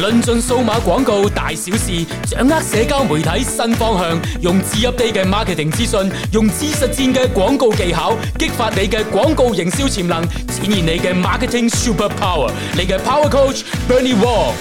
論盡數碼廣告大小事，掌握社交媒體新方向。用最 update 嘅 marketing 資訊，用知實戰嘅廣告技巧，激發你嘅廣告營銷潛能，展現你嘅 marketing super power。你嘅 power coach Bernie Wong，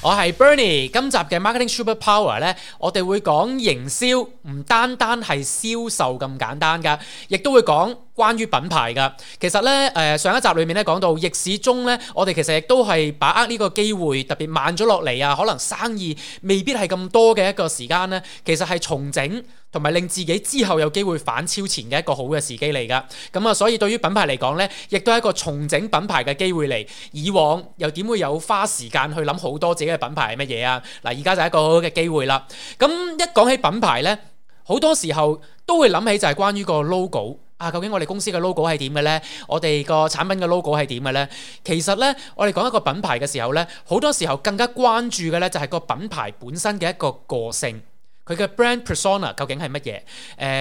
我係 Bernie。今集嘅 marketing super power 呢，我哋會講營銷唔單單係銷售咁簡單㗎，亦都會講。關於品牌噶，其實咧，誒、呃、上一集裏面咧講到逆市中咧，我哋其實亦都係把握呢個機會，特別慢咗落嚟啊，可能生意未必係咁多嘅一個時間咧，其實係重整同埋令自己之後有機會反超前嘅一個好嘅時機嚟噶。咁啊，所以對於品牌嚟講咧，亦都係一個重整品牌嘅機會嚟。以往又點會有花時間去諗好多自己嘅品牌係乜嘢啊？嗱，而家就係一個好嘅機會啦。咁一講起品牌咧，好多時候都會諗起就係關於個 logo。啊，究竟我哋公司嘅 logo 係點嘅呢？我哋個產品嘅 logo 係點嘅呢？其實呢，我哋講一個品牌嘅時候呢，好多時候更加關注嘅呢，就係個品牌本身嘅一個個性，佢嘅 brand persona 究竟係乜嘢？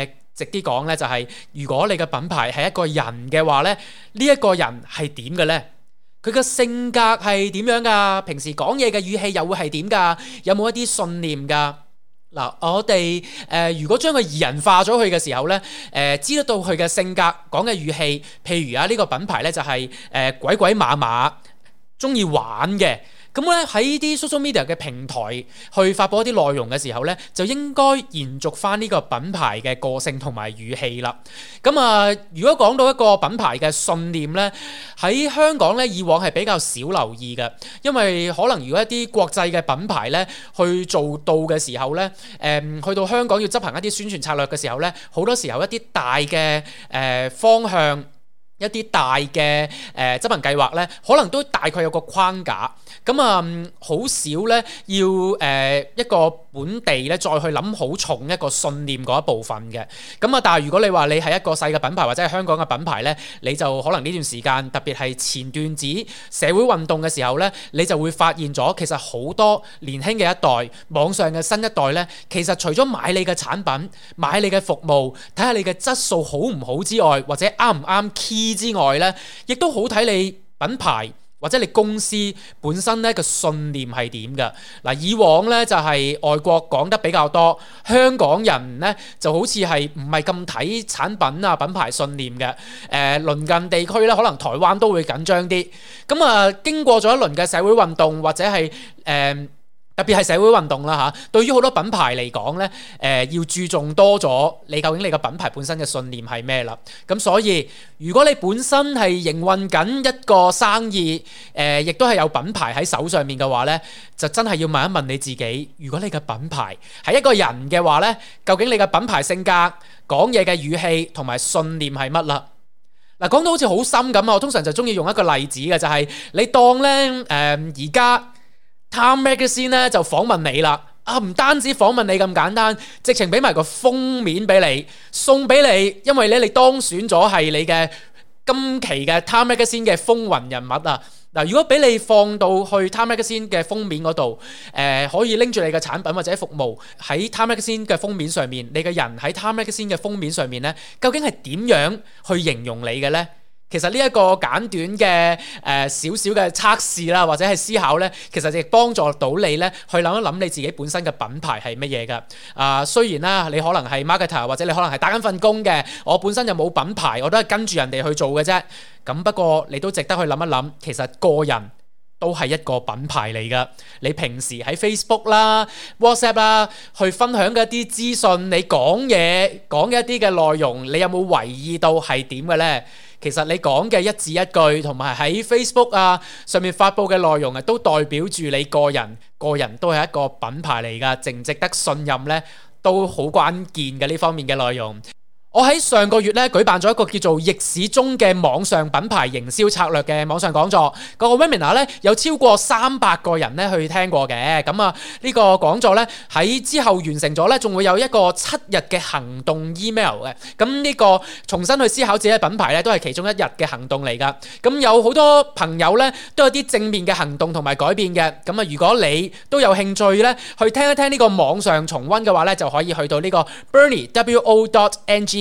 誒，直啲講呢，就係、係、如果你嘅品牌係一個人嘅話呢，呢一個人係點嘅呢？佢嘅性格係點樣噶？平時講嘢嘅語氣又會係點噶？有冇一啲信念噶？嗱，我哋誒、呃、如果將佢擬人化咗去嘅時候咧，誒、呃、知道到佢嘅性格、講嘅語氣，譬如啊呢、這個品牌咧就係、是、誒、呃、鬼鬼馬馬，鍾意玩嘅。咁咧喺啲 social media 嘅平台去發布一啲內容嘅時候咧，就應該延續翻呢個品牌嘅個性同埋語氣啦。咁啊，如果講到一個品牌嘅信念咧，喺香港咧以往係比較少留意嘅，因為可能如果一啲國際嘅品牌咧去做到嘅時候咧，誒、呃、去到香港要執行一啲宣傳策略嘅時候咧，好多時候一啲大嘅誒、呃、方向。一啲大嘅誒、呃、執行計劃咧，可能都大概有個框架，咁啊好少咧要誒、呃、一個本地咧再去諗好重一個信念嗰一部分嘅，咁啊但係如果你話你係一個細嘅品牌或者係香港嘅品牌咧，你就可能呢段時間特別係前段子社會運動嘅時候咧，你就會發現咗其實好多年輕嘅一代網上嘅新一代咧，其實除咗買你嘅產品、買你嘅服務、睇下你嘅質素好唔好之外，或者啱唔啱 key。之外咧，亦都好睇你品牌或者你公司本身咧個信念係點噶。嗱，以往咧就係、是、外國講得比較多，香港人咧就好似係唔係咁睇產品啊、品牌信念嘅。誒、呃，鄰近地區咧可能台灣都會緊張啲。咁、嗯、啊，經過咗一輪嘅社會運動或者係誒。呃特別係社會運動啦吓，對於好多品牌嚟講呢，誒，要注重多咗你究竟你個品牌本身嘅信念係咩啦？咁所以如果你本身係營運緊一個生意，誒，亦都係有品牌喺手上面嘅話呢，就真係要問一問你自己，如果你嘅品牌係一個人嘅話呢，究竟你嘅品牌性格、講嘢嘅語氣同埋信念係乜啦？嗱，講到好似好深咁啊！我通常就中意用一個例子嘅，就係你當呢，誒而家。呃《Time Magazine》咧就訪問你啦，啊唔單止訪問你咁簡單，直情俾埋個封面俾你送俾你，因為咧，你，你當選咗係你嘅今期嘅《Time Magazine》嘅風雲人物啊！嗱，如果俾你放到去《Time Magazine》嘅封面嗰度，呃，可以拎住你嘅產品或者服務喺《Time Magazine》嘅封面上面，你嘅人喺《Time Magazine》嘅封面上面咧，究竟係點樣去形容你嘅呢？其實呢一個簡短嘅誒少少嘅測試啦，或者係思考呢，其實亦幫助到你呢去諗一諗你自己本身嘅品牌係乜嘢㗎？啊、呃，雖然啦，你可能係 marketer 或者你可能係打緊份工嘅，我本身就冇品牌，我都係跟住人哋去做嘅啫。咁不過你都值得去諗一諗，其實個人，都係一個品牌嚟噶你平時喺 Facebook 啦、WhatsApp 啦，去分享嘅一啲資訊，你講嘢講嘅一啲嘅內容，你有冇留意到係點嘅呢？其實你講嘅一字一句，同埋喺 Facebook 啊上面發佈嘅內容啊，都代表住你個人。個人都係一個品牌嚟噶，值唔值得信任呢？都好關鍵嘅呢方面嘅內容。我喺上個月咧舉辦咗一個叫做《逆市中嘅網上品牌營銷策略》嘅網上講座，個 webinar 咧有超過三百個人咧去聽過嘅。咁啊，呢個講座咧喺之後完成咗咧，仲會有一個七日嘅行動 email 嘅。咁呢個重新去思考自己嘅品牌咧，都係其中一日嘅行動嚟噶。咁有好多朋友咧都有啲正面嘅行動同埋改變嘅。咁啊，如果你都有興趣咧去聽一聽呢個網上重溫嘅話咧，就可以去到呢個 Bernie W O dot N G。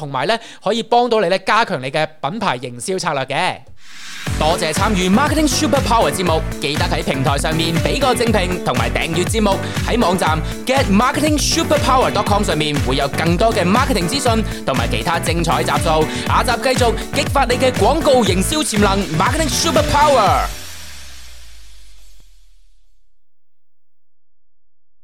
同埋咧，可以幫到你咧，加強你嘅品牌營銷策略嘅。多謝參與 Marketing Superpower 節目，記得喺平台上面俾個精評同埋訂閱節目。喺網站 GetMarketingSuperpower.com 上面會有更多嘅 marketing 資訊同埋其他精彩集數。下集繼續激發你嘅廣告營銷潛能，Marketing Superpower。